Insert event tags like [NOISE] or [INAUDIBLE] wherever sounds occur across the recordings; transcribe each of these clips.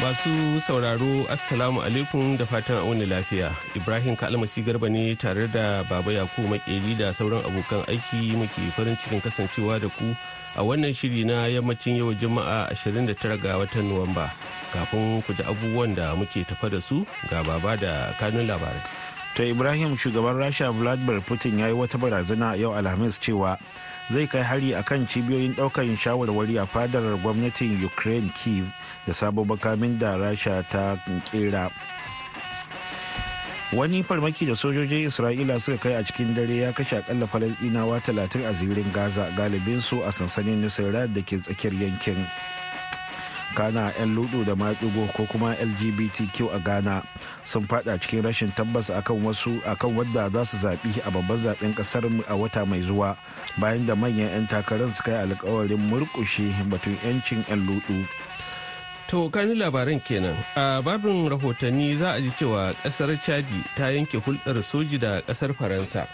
Masu sauraro Assalamu alaikum da fatan a wani lafiya. Ibrahim Kalmasi Garba ne tare da Baba Yakubu Makeri da sauran abokan aiki muke farin cikin kasancewa da ku a wannan shiri na yammacin yau Juma'a 29 ga watan Nuwamba. Kafin ku ji abubuwan da muke tafa da su ga Baba da kanun labarai. to ibrahim shugaban rasha vladimir putin ya yi wata barazana yau alhamis cewa zai kai hari a kan cibiyoyin ɗaukar shawarwari a fadar gwamnatin ukraine kiev da sabon makamin da rasha ta kera wani farmaki da sojojin isra'ila suka kai a cikin dare ya kashe akalla falasɗinawa 30 a zirin gaza galibinsu a sansanin nusairat da ke tsakiyar yankin kana 'yan ludu da maƙigo ko kuma lgbtq a ghana sun fada cikin rashin tabbas akan wasu akan wadda za su zaɓi a babban zaɓen ƙasar a wata mai zuwa bayan da manyan 'yan takarar suka yi alkawarin murƙushe batun 'yancin 'yan ludu To kani labaran kenan a babin rahotanni za a ji cewa kasar chadi ta yanke hulɗar soji da kasar faransa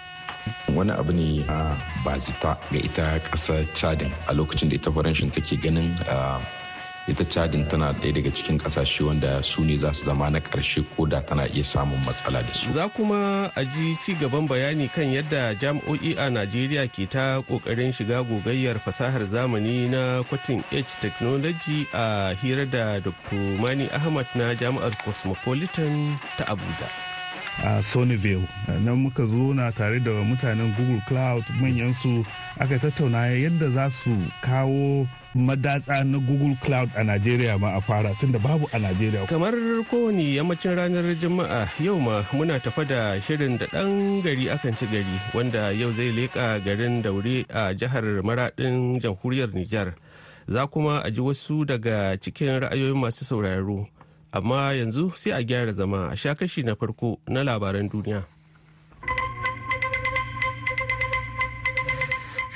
wani abu ne a bazita ga ita kasar chadin a lokacin da ita faranshin take ganin ita cajin tana ɗaya daga cikin ƙasashe wanda su ne za su zama na ƙarshe ko da tana iya samun matsala da su za kuma a ji ci gaban bayani kan yadda jami'o'i a najeriya ke ta ƙoƙarin shiga gogayyar fasahar zamani na kwatin h technology a hira da dr mani ahmad na jami'ar cosmopolitan ta abuja a Sonyville. Nan muka zona tare da mutanen Google Cloud su aka tattauna yadda za su kawo madatsa na Google Cloud a Najeriya ma a fara tunda babu a Najeriya. Kamar kowane yammacin ranar Juma'a yau ma muna tafa da shirin da ɗan gari akan ci gari wanda yau zai leƙa garin daure a jihar Maraɗin jamhuriyar Nijar. Za kuma a ji wasu daga cikin ra'ayoyin masu sauraro. amma yanzu sai a gyara zama a sha kashi na farko na labaran duniya.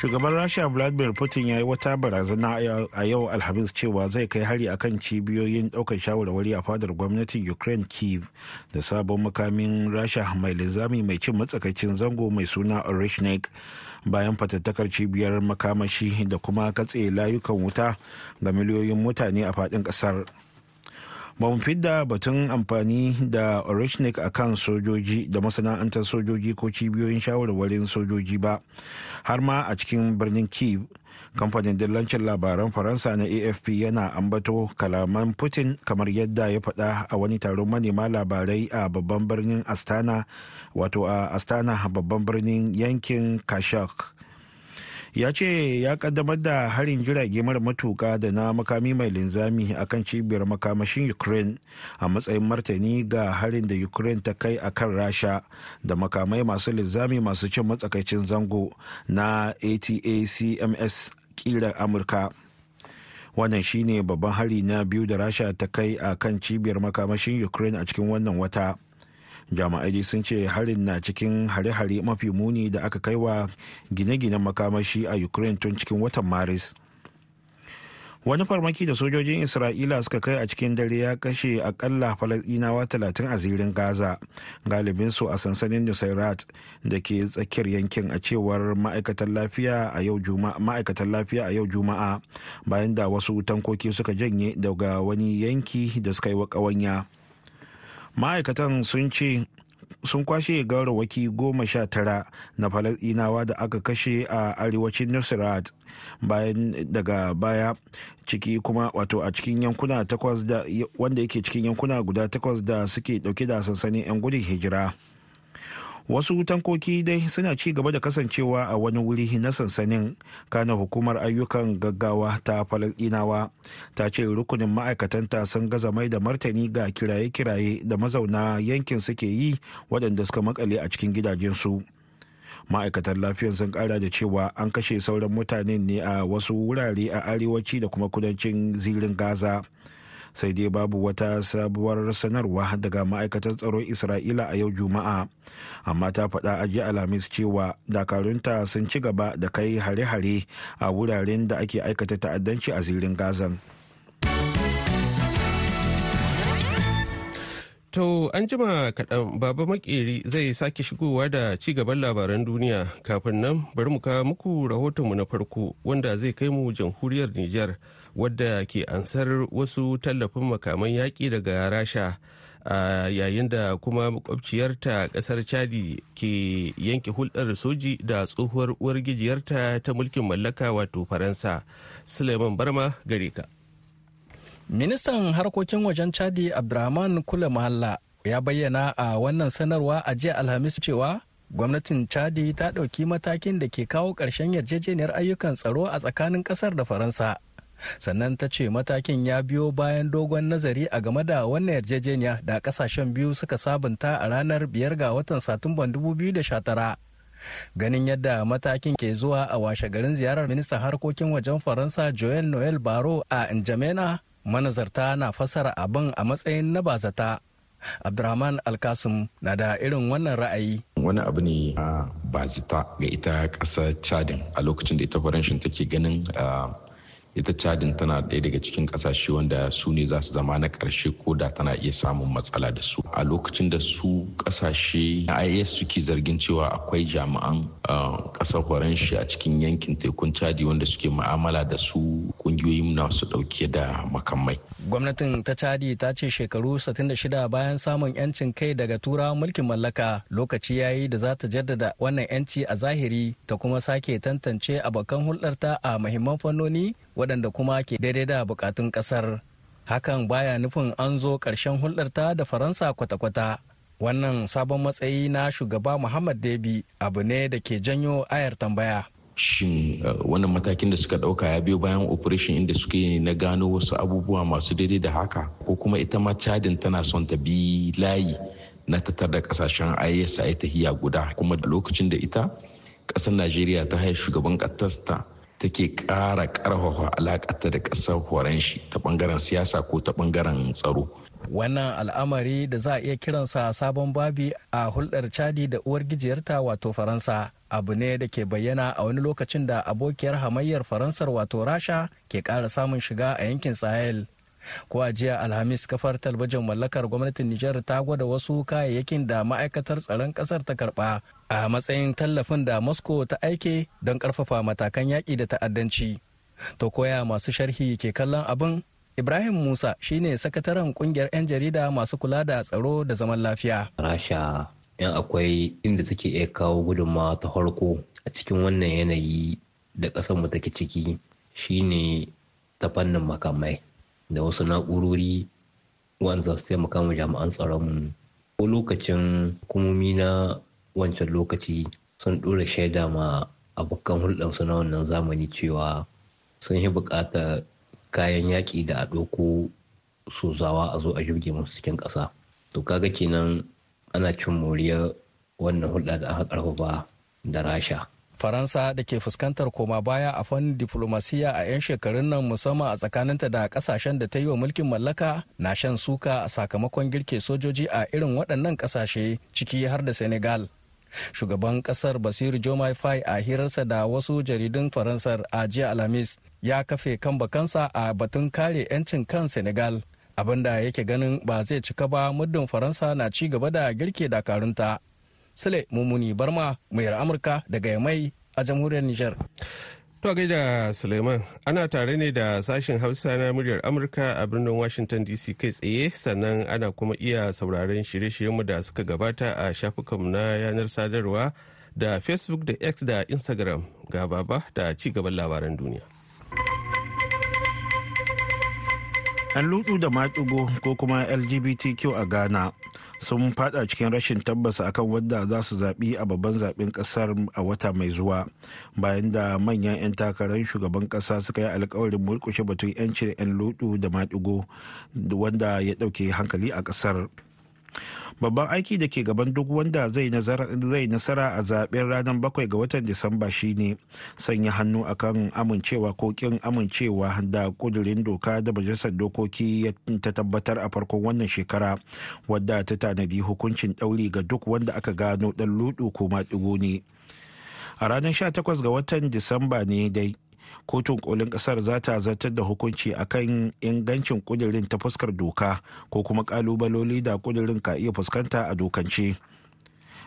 shugaban rasha vladimir putin ya yi wata barazana a yau alhamis cewa zai kai hari akan cibiyoyin daukar shawarwari a fadar gwamnatin ukraine kiev da sabon makamin rasha mai linzami mai cin matsakaicin zango mai suna orishnik bayan fatattakar cibiyar makamashi da kuma katse layukan wuta ga miliyoyin mutane a faɗin ƙasar. kasar ba mu fidda batun amfani da orishnik a kan sojoji da masana'antar sojoji ko cibiyoyin shawarwarin sojoji ba har ma a cikin birnin kiev kamfanin dillancin labaran faransa na afp yana ambato kalaman putin kamar yadda ya faɗa a wani taron manema labarai a babban birnin astana wato a astana babban birnin yankin kashak ya ce ya kaddamar da harin jirage mara matuka da na makami mai linzami a kan cibiyar makamashin ukraine a matsayin martani ga harin da ukraine ta kai a kan rasha da makamai masu linzami masu cin matsakaicin zango na atacms kirar amurka wannan shine babban hari na biyu da rasha ta kai a kan cibiyar makamashin ukraine a cikin wannan wata jami'ai sun ce harin na cikin hare-hare mafi muni da aka kai wa gine-ginen makamashi a ukraine tun cikin watan maris wani farmaki da sojojin isra'ila suka kai a cikin dare ya kashe akalla falasdinawa 30 a zirin gaza galibinsu a sansanin nusairat da ke tsakiyar yankin a cewar ma'aikatan lafiya a yau juma'a bayan da wasu tankoki suka janye daga wani yanki da suka yi wa ƙawanya. ma'aikatan sun ce sun kwashe gawarwaki goma sha tara na falasɗinawa da aka kashe a arewacin nusrat bayan daga baya ciki kuma wato a cikin yankuna takwas da wanda yake cikin yankuna guda takwas da suke dauke da sansanin 'yan gudun hijira wasu tankoki dai suna ci gaba da kasancewa a wani wuri na sansanin kana hukumar ayyukan gaggawa ta falasdinawa ta ce rukunin ma'aikatanta sun gaza mai da martani ga kiraye-kiraye da mazauna yankin suke yi waɗanda suka makale a cikin gidajensu ma'aikatar lafiyar sun kara da cewa an kashe sauran mutanen ne a wasu wurare a arewaci da kuma kudancin zirin gaza sai dai babu wata sabuwar sanarwa daga ma'aikatar tsaron isra'ila a yau juma'a amma ta faɗa a jiya alhamis cewa dakarunta sun ci gaba da kai hare-hare a wuraren da ake aikata ta'addanci a zirin gazan. To an jima kaɗan baba makeri zai sake shigowa da ci gaban labaran duniya kafin nan bari mu kawo muku rahotonmu na farko wanda zai kai mu jamhuriyar Nijar wadda ke ansar wasu tallafin makaman yaƙi daga rasha a yayin da kuma makwabciyarta ƙasar chadi ke yanke hulɗar soji da tsohuwar uwar gijiyarta ta mulkin mallaka wato faransa suleiman barma gare ka. ministan harkokin wajen chadi abdurrahman kula mahalla ya bayyana a wannan sanarwa a jiya alhamis cewa gwamnatin chadi ta ɗauki matakin da ke kawo ƙarshen yarjejeniyar ayyukan tsaro a tsakanin ƙasar da faransa sannan ta ce matakin ya biyo bayan dogon nazari a game da wannan yarjejeniya da ƙasashen biyu suka sabunta a ranar biyar ga watan satumban 2019 ganin yadda matakin ke zuwa a washe garin ziyarar ministan harkokin wajen faransa joel noel baro a njamena manazarta na fassara abin a matsayin na bazata abdurrahman alkasim na da irin wannan ra'ayi wani abu ne a bazita ga ita ƙasar chadin a lokacin da ita faranshin take ganin ah, ita cadin tana ɗaya daga cikin ƙasashe wanda su ne za su zama na ƙarshe ko da tana iya samun matsala da su a lokacin da su ƙasashe na is suke zargin cewa akwai jami'an uh, ƙasar faranshi a cikin yankin tekun cadi wanda suke ma'amala da su ƙungiyoyin nasu ɗauke da makamai gwamnatin ta cadi ta ce shekaru 66 bayan samun 'yancin kai daga tura mulkin mallaka lokaci ya yi da za ta jaddada wannan 'yanci a zahiri ta kuma sake tantance abokan hulɗarta a muhimman fannoni waɗanda kuma ke daidai da bukatun ƙasar hakan baya nufin an zo ƙarshen hulɗarta da faransa kwata-kwata wannan sabon matsayi na shugaba muhammad debi abu ne da ke janyo ayar tambaya shin eh, wannan matakin da suka ɗauka ya biyo bayan operation inda suke yi na gano wasu abubuwa masu daidai da haka ko kuma ita ma cadin tana son ta bi layi na tattar da kasashen isa ta hiya guda kuma da lokacin da ita kasar najeriya ta haya shugaban ƙasarta take kara ƙarfafa alakata da ƙasar horon shi ta bangaren siyasa ko ta bangaren tsaro. Wannan al'amari da za a iya kiransa sabon babi a hulɗar Chadi da uwar gijiyarta wato Faransa abu ne da ke bayyana a wani lokacin da abokiyar hamayyar Faransar wato Rasha ke ƙara samun shiga a yankin Sahel ko a jiya alhamis kafar talbijin mallakar gwamnatin nijar ta gwada wasu kayayyakin da ma'aikatar tsaron kasar ta karba a matsayin tallafin da moscow ta aike don karfafa matakan yaƙi da ta'addanci to koya masu sharhi ke kallon abin Ibrahim Musa shine sakataren kungiyar 'yan jarida masu kula da tsaro da zaman lafiya. Rasha yan akwai inda suke iya kawo gudunmawa ta farko a cikin wannan yanayi da ƙasarmu take ciki shine ta fannin makamai. da wasu na'urori wanda su taimaka mu jami'an tsaronmu ko lokacin hukumomi na wancan lokaci sun ɗora shaida ma abokan hulɗarsu na wannan zamani cewa sun yi buƙatar kayan yaƙi da a ɗauko su zawa a zo a jirge musu cikin ƙasa to kaga kenan ana cin moriyar wannan hulɗa da aka ƙarfafa da rasha faransa da ke fuskantar koma baya a fannin diplomasiya a 'yan shekarun nan musamman a tsakaninta da kasashen da ta yi wa mulkin mallaka na shan suka a sakamakon girke sojoji a irin waɗannan kasashe ciki har da senegal shugaban kasar basiru jomai fai a hirarsa da wasu jaridun faransar a jiya alhamis ya kafe kan bakansa a batun kare 'yancin kan senegal abinda yake ganin ba zai cika ba muddin faransa na ci gaba da girke dakarunta Sule Mumuni Barma, muryar Amurka daga Yamai a jamhuriyar Nijar. To gaida Suleiman, ana tare ne da sashen Hausa na muryar Amurka a birnin Washington DC kai tsaye sannan ana kuma iya sauraron shirye-shiryenmu da suka gabata a shafukanmu na yanar sadarwa da Facebook da X da Instagram ga baba da ci gaban labaran duniya. 'yan lutsu da maƙigo ko kuma lgbtq a ghana sun fada cikin rashin tabbas akan wadda za su zaɓi a babban zaɓen ƙasar a wata mai zuwa bayan da manyan 'yan takarar shugaban ƙasa suka yi alkawarin murkushe batun 'yancin 'yan lutsu da maɗigo wanda ya ɗauke hankali a ƙasar. babban aiki da ke gaban duk wanda zai nasara a zaben ranar bakwai ga watan disamba shine sanya hannu akan amincewa ko kin amincewa da kudurin doka da majalisar dokoki ta tabbatar a farkon wannan shekara wadda ta tanadi hukuncin ɗauri ga duk wanda aka gano dan ludu ko maɗigo ne a ranar 18 ga watan disamba ne dai kotun kolin kasar za ta zartar da hukunci akan ingancin kudirin ta fuskar doka ko kuma kalubaloli da kudirin ka iya fuskanta a dokance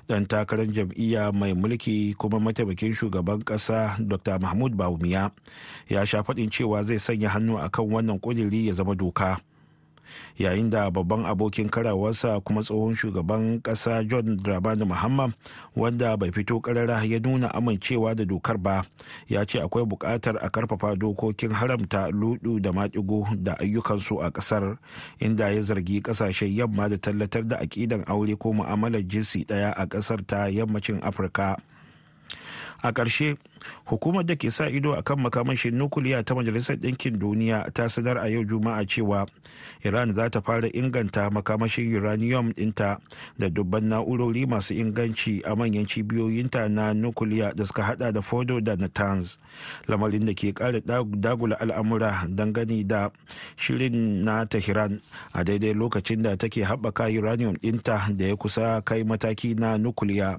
dan takarar jam'iyya mai mulki kuma mataimakin shugaban kasa dr mahmud bawumiya ya sha faɗin cewa zai sanya hannu akan wannan kudiri ya zama doka yayin da babban abokin karawarsa kuma tsohon shugaban kasa john dramani muhammad wanda bai fito karara ya nuna amincewa da dokar ba ya ce akwai bukatar a karfafa dokokin haramta ludu da matigo da ayyukansu a kasar inda ya zargi kasashen yamma da tallatar da aƙidan aure ko mu'amalar jinsi ɗaya a kasar ta yammacin afirka a ƙarshe hukumar da ke sa ido a kan makamashin nukuliya ta majalisar ɗinkin duniya ta sanar a yau juma'a cewa iran za ta fara inganta makamashin uranium ɗinta da dubban na'urori masu inganci a manyan cibiyoyinta na nukuliya da suka hada da fodo da natanz lamarin da ke ƙara dagula al'amura gani da shirin na tehran a daidai lokacin da take haɓaka uranium ɗinta da ya kusa kai mataki na nukuliya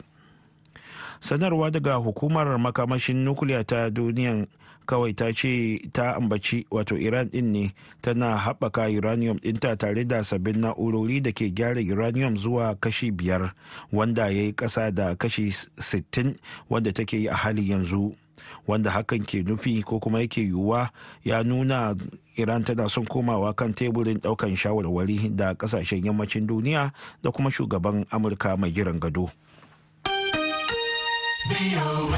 sanarwa daga hukumar makamashin nukiliya ta duniyan kawai ta ce ta ambaci wato iran din ne tana haɓaka uranium ɗinta tare da sabbin na'urori da ke gyara uranium zuwa kashi biyar wanda ya yi ƙasa da kashi 60 wanda take yi a hali yanzu wanda hakan ke nufi ko kuma yake yiwuwa ya nuna iran tana son komawa kan teburin ɗaukan shawarwari da ƙasashen yammacin duniya da kuma shugaban amurka mai jiran gado. Zuwa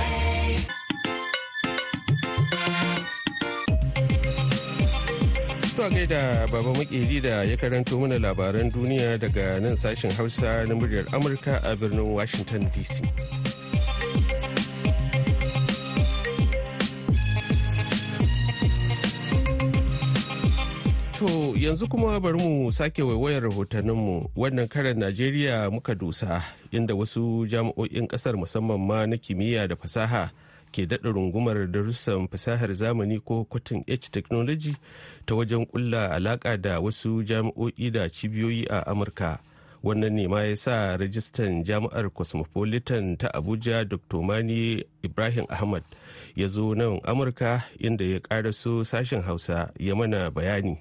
gaida Baba Makeri da ya karanto mana labaran duniya daga nan sashen Hausa na muryar Amurka a birnin Washington DC. To yanzu kuma bari mu sake waiwayar rahotanninmu wannan karan Najeriya muka dusa inda wasu jami'o'in kasar musamman ma na kimiyya da fasaha ke daɗa rungumar darussan fasahar zamani ko kwatin H technology ta wajen ƙulla alaƙa da wasu jami'o'i da cibiyoyi a Amurka. Wannan ne ma ya sa rajistan jami'ar Cosmopolitan ta Abuja Dr. Mani Ibrahim Ahmad ya zo nan Amurka inda ya ƙaraso sashen Hausa ya mana bayani.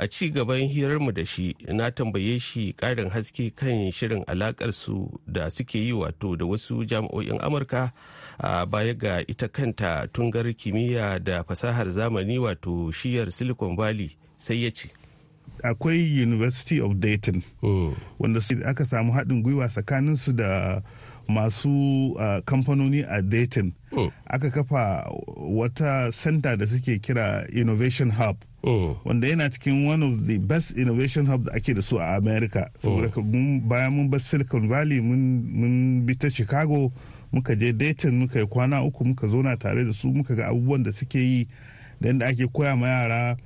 a ci gaban hirarmu da shi na tambaye shi ƙarin haske kan shirin alaƙarsu da suke yi wato da wasu jami'o'in amurka a baya ga ita kanta tungar kimiyya da fasahar zamani wato shiyar silicon valley sai ya ce akwai university of dayton oh. wanda aka samu haɗin gwiwa tsakaninsu da masu kamfanoni a dayton oh. aka kafa wata center da suke kira innovation hub Oh. wanda yana cikin one of the best innovation hub da ake da su a america saboda oh. bayan mun bar silicon valley mun bi ta chicago muka je dayton muka yi kwana uku muka zauna tare da su muka ga abubuwan da suke yi da yadda ake koya ma yara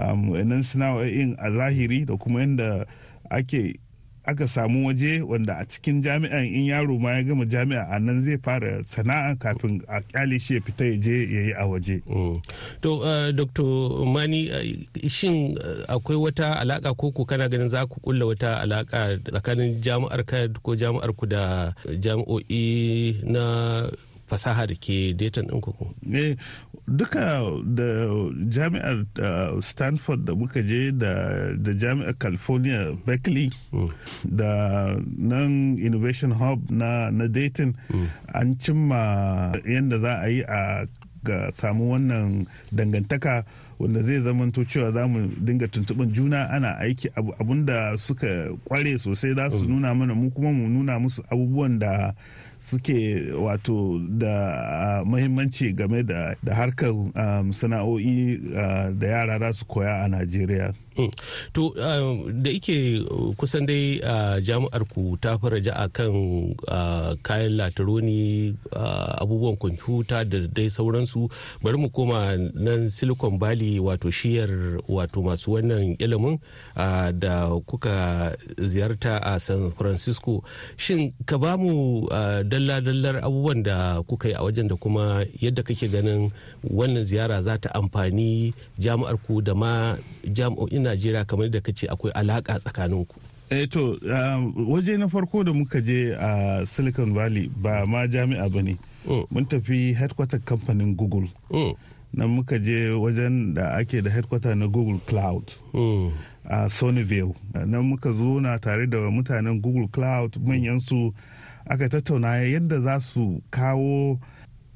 um, nan sana'o'in a zahiri da kuma yadda ake aka samu waje wanda a cikin jami'an in yaro ma ya gama jami'a a nan zai fara sana'a kafin a kyale shi ya fita ya je ya yi a waje. Mm. To, uh, Dr. Mani, uh, shin uh, akwai wata alaka ko ku kana ganin za ku kulla wata alaka tsakanin jami'ar ka ko jami'ar ku da jami'o'i na fasaha da ke datan ɗin kuku? ne duka da jami'ar uh, stanford da muka je da jami'ar california berkeley hmm. da nan innovation hub na dayton hmm. an cimma yadda za a yi a ga samu wannan dangantaka wanda zai zamanto cewa za mu dinga tuntuɓin juna ana aiki abun da suka kware sosai za su hmm. nuna mana mu kuma mu nuna musu abubuwan da suke wato da ah, mahimmanci game da harkar ah, sana'o'i ah, da yara za su koya a najeriya Mm. To uh, da yake uh, kusan dai uh, jami'ar ku ta fara a kan kayan latironi abubuwan kwamfuta da dai sauransu bari mu koma nan silicon valley wato shiyar wato masu wannan ilimin da kuka ziyarta a san francisco shin ka ba mu dallar abubuwan da kuka yi a wajen da kuma yadda kake ganin wannan ziyara za ta amfani jami'ar ku da ma jami'o'in najeriya kamar da kace akwai alaka tsakaninku eh to waje na farko da muka je a silicon valley ba ma jami'a ba ne oh. mun tafi headquarter kamfanin google oh. nan muka je wajen da ake da headquarter na google cloud oh. a sunnyvale nan muka na tare da mutanen google cloud su aka tattauna yadda za su kawo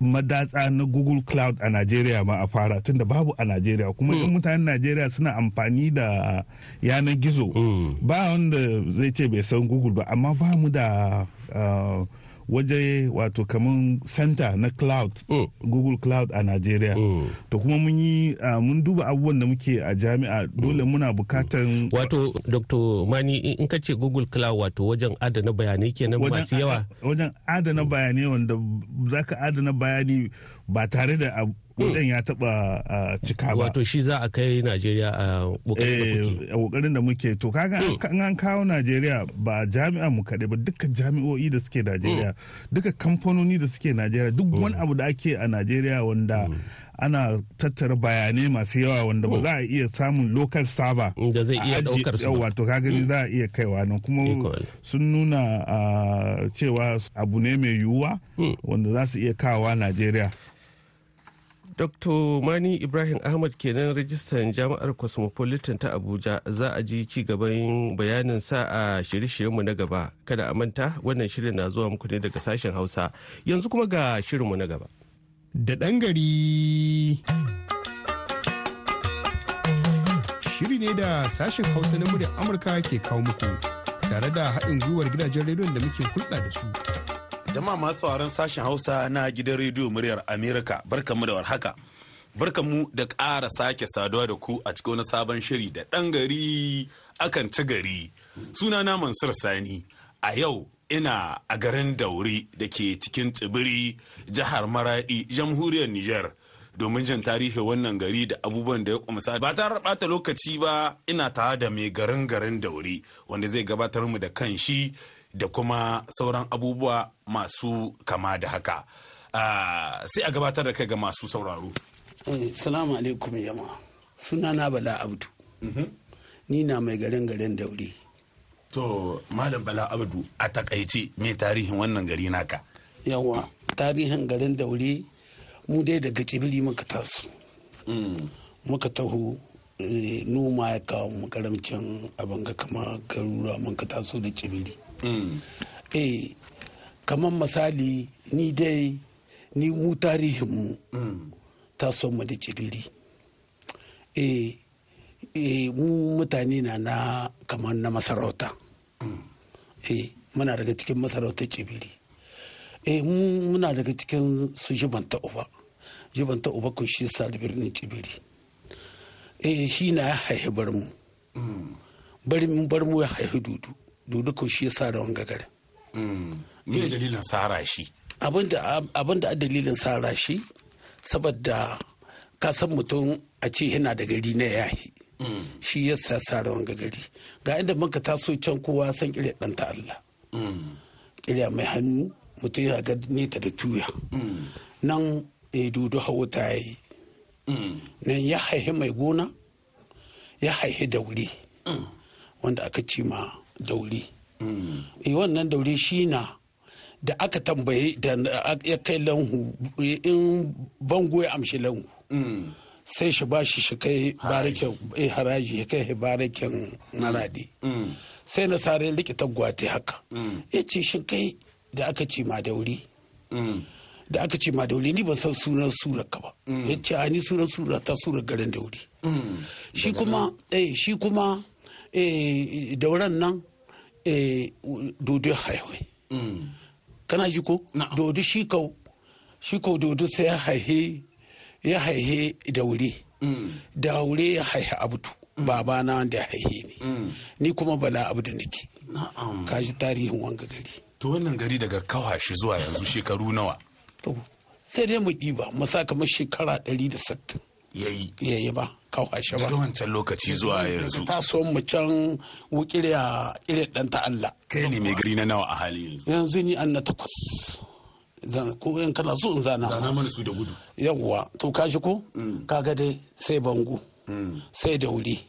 madatsa na google cloud a najeriya ma a fara tunda babu a najeriya kuma mm. in mutanen najeriya suna amfani da yanar gizo mm. ba wanda zai ce bai san google ba amma ba mu da uh, waje wato kamar center na cloud oh. google cloud a nigeria oh. to kuma mun yi ah, mun duba abubuwan da muke a jami'a dole oh. muna bukatan mm. wato dr mani in ka ce google cloud wato wajen adana bayanai kenan masu yawa wajen adana mm. bayanai wanda zaka adana bayani ba tare da kuɗin ya taɓa cika ba. Wato shi za a kai Najeriya a kokarin da eh, muke. To kaga an hmm. kawo Najeriya ba jami'a mu kaɗai ba duka jami'o'i da suke Najeriya hmm. duka kamfanoni da suke Najeriya duk hmm. wani abu da ake a Najeriya wanda ana tattara bayanai masu yawa wanda ba za a iya samun local server da zai iya daukar su wato kaga za a iya kaiwa nan kuma sun nuna cewa abu ne mai yiwuwa wanda za su iya kawa Najeriya dr mani ibrahim ahmad kenan rajistan jami'ar cosmopolitan ta abuja za a ji ci gaban bayanin sa a shirye-shiryenmu na gaba kada a manta wannan shirin na zuwa muku ne daga sashen hausa yanzu kuma ga shirinmu na gaba da ɗan gari shiri ne da sashen hausa na muryar amurka ke kawo muku tare da haɗin gwiwar gidajen rediyon da muke hulɗa da su Jama'a masu sauraron sashen Hausa na gidan rediyo muryar Amerika mu da warhaka. mu da ƙara sake saduwa da ku a cikin wani sabon shiri da ɗan gari akan ci gari. na Mansur Sani a yau ina a garin dauri da ke cikin tsibiri jihar Maraɗi jamhuriyar niger domin jin tarihi wannan gari da abubuwan da ya kumsa ba ta bata lokaci ba ina tare da mai garin garin dauri wanda zai gabatar mu da kan shi da kuma sauran abubuwa masu kama da haka ah, sai a gabatar da kai ga masu sauraro eh, salamu alaikum yamma suna na bala abdu mhm. ni na mai garin garin daure to malam bala abdu a takaice mai tarihin wannan gari naka yawa tarihin garin daure mu dai daga cibili muka taso mm. muka taho eh, noma ya kawo makaramcin abin ga kama garuruwa muka taso da cibili eh kamar misali ni dai ni mu tarihinmu ta mu da cibiri eh, eh mu mutane na na kamar na masarauta eh muna daga cikin Masarauta cibiri eh muna daga cikin su jibanta uba jibanta uba kun shi sa da birnin cibiri eh shi na haihi barmu barmu ya haihi dudu ko shi ya sa wanga gare. Mm. Me eh. dalilin sara shi? Abin da a dalilin sara shi, saboda ka san mutum a ce yana da gari na yahi. Mm. Shi ya sa wanga gari. Ga inda muka taso can kowa san kirya ɗan ta Allah. Kirya mm. mai hannu mutum ya ga neta da tuya. Nan eh, dudu hawo ta yi. Nan ya haihi mai gona, ya haihi da wuri. Wanda aka ci ma daure mm. eh wannan daure shi na da aka tambaye da ya kai lanhu in bango ya amshi lanhu mm. sai shi ba shi shi kai barakin eh, haraji ya kai barakin maradi mm. sai na sare likita gwate haka ya ce shi kai da aka ce ma dauri da aka ce ma dauri ni ban san sunan sura ka ba ya ce a ni sunan sura ta sura garin dauri eh, shi kuma eh shi kuma dauran nan Eh, dodo haihoi mm. kana ji ko dodo shi kau shi kau dodo sai ya haihe ya haihe da wuri mm. da wuri ya haihe abutu mm. na wanda ya haihe ne ni kuma bala da nake ka ji tarihin wanga gari to wannan gari daga kawa shi zuwa yanzu shekaru nawa sai dai mu ɗiba mu kamar shekara ɗari da sittin yayi yayi ba kawashe ba daga wancan lokaci zuwa yanzu so mu can a irin dan ta Allah kai ne mai gari na nawa a hali yanzu yanzu ni an na takwas ko in kana so in zana zana mana su da gudu yawwa to kashi ko mm. kaga dai sai bangu mm. sai dauri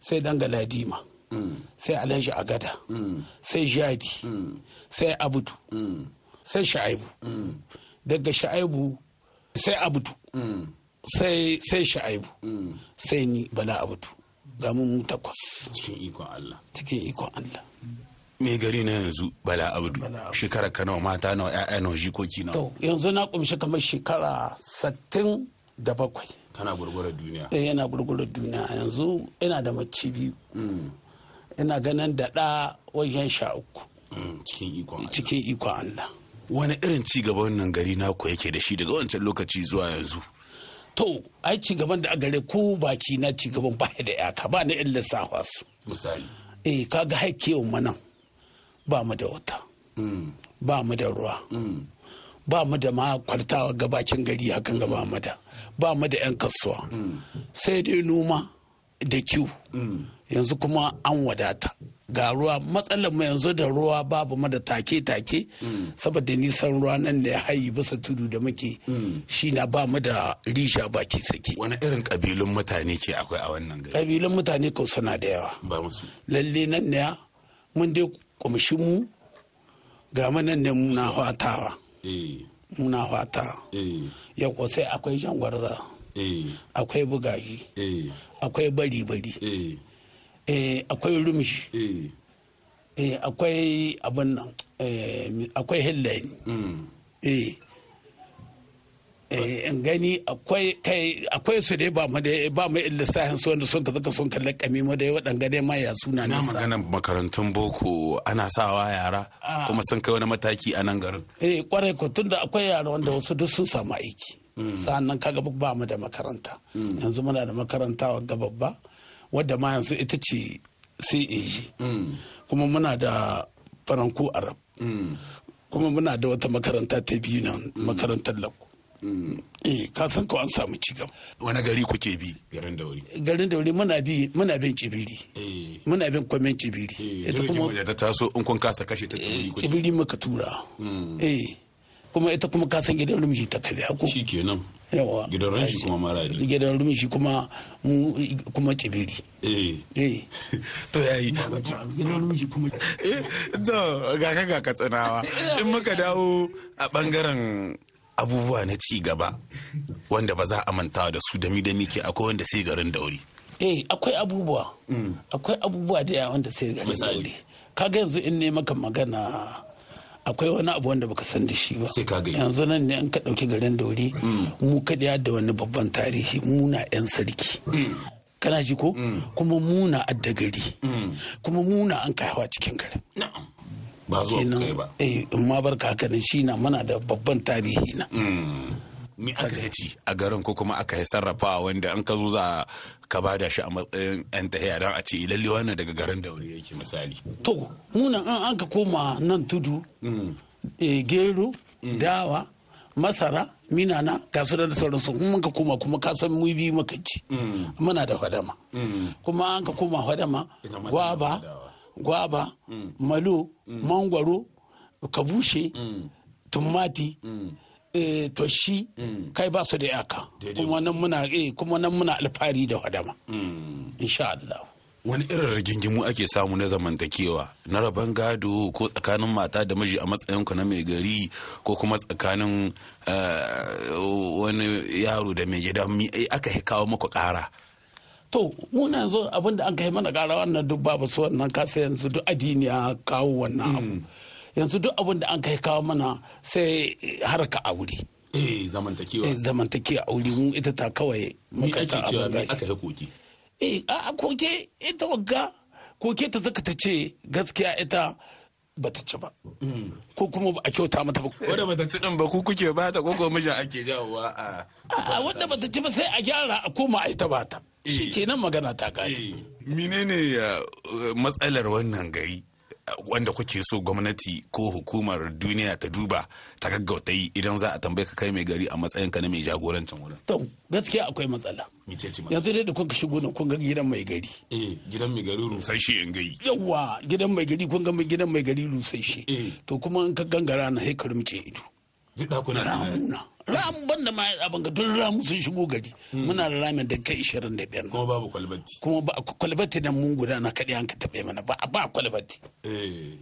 sai dan galadima mm. sai alhaji agada sai jadi sai abudu sai sha'ibu daga sha'ibu sai abudu sai sai sha'ibu mm. sai ni bala abudu ga mu takwas cikin ikon Allah cikin ikon Allah me gari na yanzu bala abudu shekara ka nawa mata nawa ƴaƴa nawa jikoki nawa to yanzu na kumshi kamar shekara 67 da bakwai kana gurgurar duniya eh yana gurgurar duniya yanzu ina da mace biyu mm. ina ganin da da wajen sha uku mm, cikin ikon Allah Cikin Allah. wani irin ci gaba wannan gari na ku yake da shi daga wancan lokaci zuwa yanzu to ai cigaban da agare ko baki na cigaban ba da yaka ba na illa sawa su misali eh kaga haikewan mana ba mu da wata mm. ba mu da ruwa mm. ba mu da ma ga bakin gari hakan gaba mu da ba mu da yan kasuwa mm. sai dai noma da kiwo yanzu kuma an wadata ga ruwa matsalar mu yanzu da ruwa babu ma da take-take saboda nisan ruwa nan da ya hayi bisa tudu da muke shi na ba mu da risha baki saki wani irin kabilun mutane ke akwai a wannan gari kabilun mutane ko suna da yawa ba musu lalle nan ne mun dai kumshi mu ga mu nan ne muna hatawa eh. muna hatawa eh. ya sai akwai jangwarza eh akwai bugaji eh. akwai bari-bari Eh, akwai rumi eh. eh, akwai abin nan akwai hillen mm. in gani akwai su dai ba mu da ba mu lissahin su wanda sun ka zaka sun kalli kami mu da waɗanda dai ma ya suna na magana makarantun boko ana sawa yara ah. kuma sun kai wani mataki a nan garin eh kwarai ko tunda akwai yara wanda wasu duk sun samu aiki mm. sannan kaga ba mu da makaranta mm. yanzu muna da makaranta wa babba wadda ma yanzu ita ce CAG mm. kuma muna da faranko arab mm. kuma muna da wata makaranta ta biyu nan mm. makarantar lako eh ka san ko an samu cigaba wani gari kuke bi garin da wuri. garin da wuri muna bi muna bin cibiri eh. muna bin kwamen cibiri eh, ita kuma da ta taso in kun kasa kashe ta cibiri muka tura eh kuma ita kuma ka san gidan rumshi ta kai ko shi kenan yawa gidan rumshi kuma maradi gidan rumshi kuma mu kuma tsibiri eh eh [LAUGHS] to yayi gidan rumshi kuma eh to ga ka ga katsinawa in muka dawo a bangaren abubuwa na ci gaba wanda ba za a manta da su dami dami ke akwai wanda sai garin dauri eh akwai abubuwa mm. akwai abubuwa da yawa wanda sai garin dauri kaga yanzu in ne maka magana akwai wani abu wanda baka san da shi ba yanzu nan ne an ka ɗauki garin dauri mm. mu kaɗiya da wani babban tarihi muna 'yan sarki mm. kana ji ko mm. kuma muna adda gari kuma muna an kaiwa cikin gari ba zuwa kai ba eh ma barka haka shi na mana da babban tarihi na me aka ci a garin ko kuma aka sarrafa wanda an ka zo za ka bada shi a matsayin yan tahiya don a ce lalle wannan daga garin daure yake misali to munan an an ka koma nan tudu mm. eh, gero dawa masara minana ga da sauransu kuma ka koma kuma ka san mu bi muka ci mm. muna da fadama mm. kuma an ka koma fadama gwaba gwaba malo mangwaro kabushe tumati e to shi mm. kai ba su da yaka kuma nan muna eh kuma nan muna alfahari da hadama mm. insha Allah wani irin rigingimu ake samu na zamantakewa na rabon gado ko tsakanin mata da miji a matsayin ku na mai gari ko kuma tsakanin eh, wani yaro da mai gida mi aka kawo muku kara to muna yanzu abin da an kai mana kara wannan duk babu su wannan kasa yanzu duk adini ya kawo wannan mm. abu yanzu duk abin da an kai kawo mana sai a aure eh zamantakewa eh zamantakewa aure mun ita ta kawai me ake cewa me aka yi koke eh a koke ita wagga koke ta zaka ta ce gaskiya ita ba ta ci ba hmm. ko kuma ba a kyauta mata ba wanda ba ta ci din ba ku kuke ba ta ko mijin ake jawowa a a wanda ba ta ci ba sai a gyara a koma a ita ba ta eh. kenan magana ta gani eh, menene eh, matsalar wannan gari wanda kuke so gwamnati ko hukumar duniya ta duba ta gaggauta yi idan za a tambaye ka kai mai gari a matsayin ka na mai jagorancin wurin to gaskiya akwai matsala yanzu dai da kuka shigo na kun ga gidan mai gari eh gidan mai gari rusashe in gai Yawwa gidan mai gari kun ga gidan mai gari rusashe eh. to kuma in ka gangara na sai mu ce ido duk ɗakuna ramuna ramu ban da ma abin ga duk ramu sun shigo gari hmm. muna da ramin da kai 25 kuma babu kwalbati kuma ba kwalbati nan mun guda na kaɗai an ka taɓe mana ba ba kwalbati eh.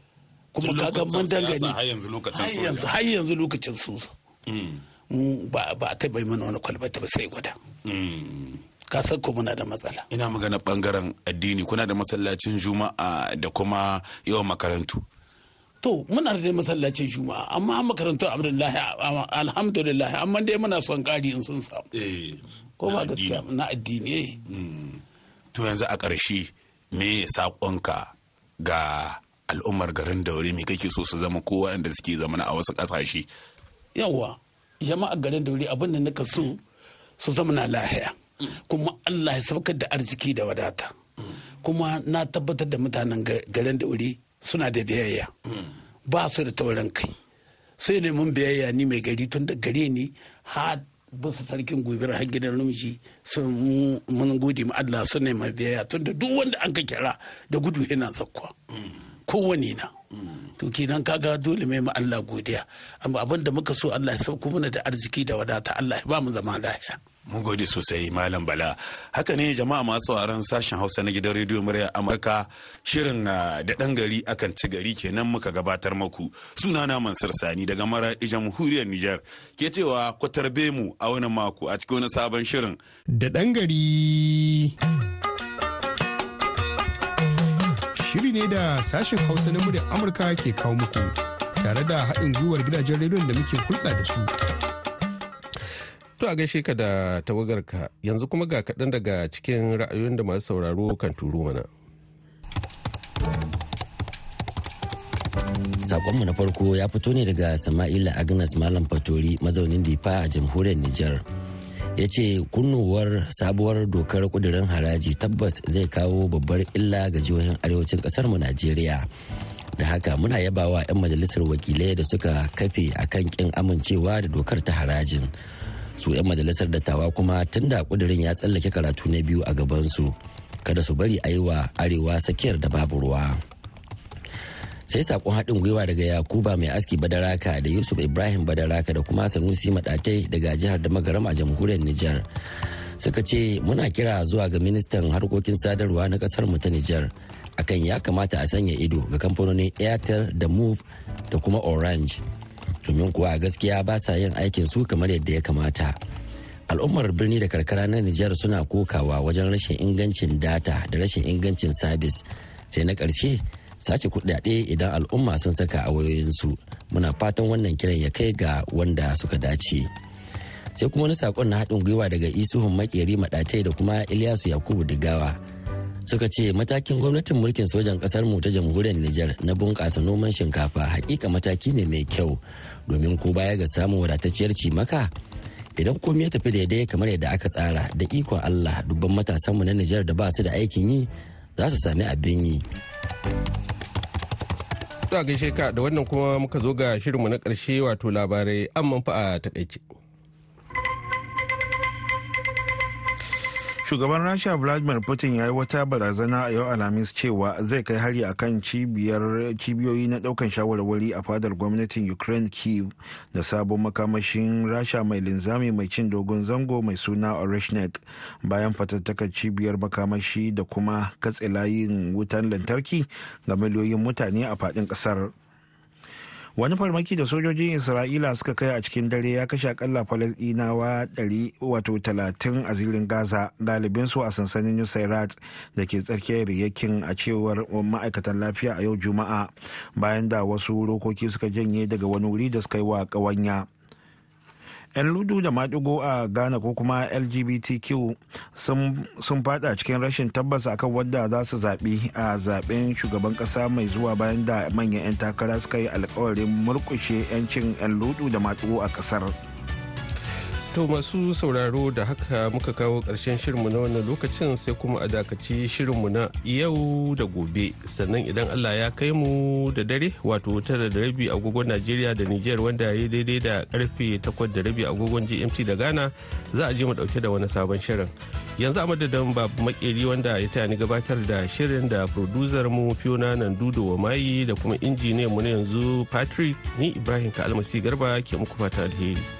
kuma kaga mun dangane har yanzu lokacin sosa har yanzu lokacin sosa hmm. mu ba a bai mana wani kwalbati ba sai gwada hmm. ka san ko muna da matsala ina magana bangaren addini kuna da masallacin juma'a da kuma yawan makarantu to muna da masallacin juma'a amma makarantu alhamdulillah amma dai muna son kari in sun samu eh, ko ba gaskiya na addini hmm. to yanzu a ƙarshe me saƙonka ga al'ummar garin daure me kake so su zama ko waɗanda suke zama a wasu ƙasashe yawa jama'a garin daure abin da nika so su zama na lahiya kuma Allah ya saukar da arziki da wadata hmm. kuma na tabbatar da mutanen garin daure suna da biyayya ba su da taurin kai sai ne mun biyayya ni mai gari tun da gare ni har bisa sarkin gobiyar har gidan lumshi sun mun gode ma Allah sun ne mai biyayya tun da duk wanda an ka kira da gudu yana zakwa kowane na to kenan kaga dole mai ma Allah godiya amma abin muka so Allah ya sauko mana da arziki da wadata Allah ya ba mu zama lafiya mun gode sosai malam bala haka ne jama'a masu sauraron sashen hausa na gidan rediyo murya amurka shirin ah, da ɗan gari akan ci gari kenan muka gabatar maku sunana mansur sani daga maraɗi jamhuriyar nijar ke cewa ku tarbe mu a wani mako a cikin wani sabon shirin da ɗan gari shiri ne da sashen hausa na muryar amurka ke kawo muku tare da haɗin gwiwar gidajen rediyon da muke hulɗa da su To a gaishe ka da tawagarka yanzu kuma ga kaɗan daga cikin ra'ayoyin da masu sauraro kan turu mana. Sakonmu na farko ya fito ne daga Sama'ila Agnes Malam Fatori mazaunin Difa a jamhuriyar Nijar. Ya ce kunnuwar sabuwar dokar kudirin haraji tabbas zai kawo babbar illa ga jihohin arewacin mu Najeriya. Da haka muna yabawa 'yan majalisar wakilai da suka kafe akan kin amincewa da dokar ta harajin. su 'yan majalisar dattawa kuma tun da kudirin ya tsallake karatu na biyu a gabansu kada su bari aiwa arewa tsakiyar da babu ruwa sai sakon haɗin gwiwa daga yakuba mai aski badaraka da yusuf ibrahim badaraka da kuma sanusi maɗatai daga jihar da magaram a jamhuriyar nijar suka ce muna kira zuwa ga ministan harkokin sadarwa na ƙasar mu ta nijar akan ya kamata a sanya ido ga kamfanonin airtel da move da kuma orange domin kuwa gaskiya ba sa yin aikin su kamar yadda ya kamata al'ummar birni da karkara na nijar suna kokawa wajen rashin ingancin data da rashin ingancin sabis sai na karshe sace kuɗaɗe idan al'umma sun saka a wayoyinsu muna fatan wannan kiran ya kai ga wanda suka dace sai kuma wani sakon na haɗin gwiwa daga isuhun makeri maɗatai da kuma ilyasu yakubu digawa suka ce matakin gwamnatin mulkin sojan kasar mu ta jamhuriyar Nijar na bunƙasa noman shinkafa hakika mataki ne mai kyau domin ko baya ga samun wadatacciyar cimaka idan komai ya tafi daidai kamar yadda aka tsara da ikon Allah dubban matasan mu na Nijar da ba su da aikin yi za su sami abin yi. Zuwa gaishe ka da wannan kuma muka zo ga shirinmu na karshe wato labarai amman fa a takaice. shugaban rasha vladimir putin ya yi wata barazana a yau alhamis cewa zai kai hari a kan cibiyoyi na daukan shawarwari a fadar gwamnatin ukraine kiev da sabon makamashin rasha mai linzami mai cin dogon zango mai suna orishnet bayan fatattakar cibiyar makamashi da kuma katse layin wutan lantarki ga miliyoyin mutane a faɗin ƙasar wani farmaki da sojojin isra'ila suka kai a cikin dare ya kashe akalla falasdinawa 130 a zirin gaza galibinsu a sansanin nusairat da ke tsakiyar yakin a cewar ma'aikatan lafiya a yau juma'a bayan da wasu rokoki suka janye daga wani wuri da suka yi wa ƙawanya 'yan ludu da maɗigo a ghana ko kuma lgbtq sun fada cikin rashin tabbas akan wadda za su zaɓi a zaɓen shugaban ƙasa mai zuwa bayan da manyan 'yan takara suka yi alkawarin murƙushe 'yancin 'yan ludu da maɗigo a ƙasar. To masu sauraro da haka muka kawo ƙarshen shirinmu na wannan lokacin sai kuma a dakaci shirinmu na yau da gobe sannan idan Allah ya kai mu da dare wato tara da rabi agogon Najeriya da Nijar wanda ya daidai da karfe takwas da rabi agogon GMT da Ghana za a je mu ɗauke da wani sabon shirin. Yanzu a madadin babu makeri wanda ya tayani gabatar da shirin da producer mu Fiona Nandudo wa mayi da kuma injiniyan mu na yanzu Patrick ni Ibrahim Ka Garba ke muku fata alheri.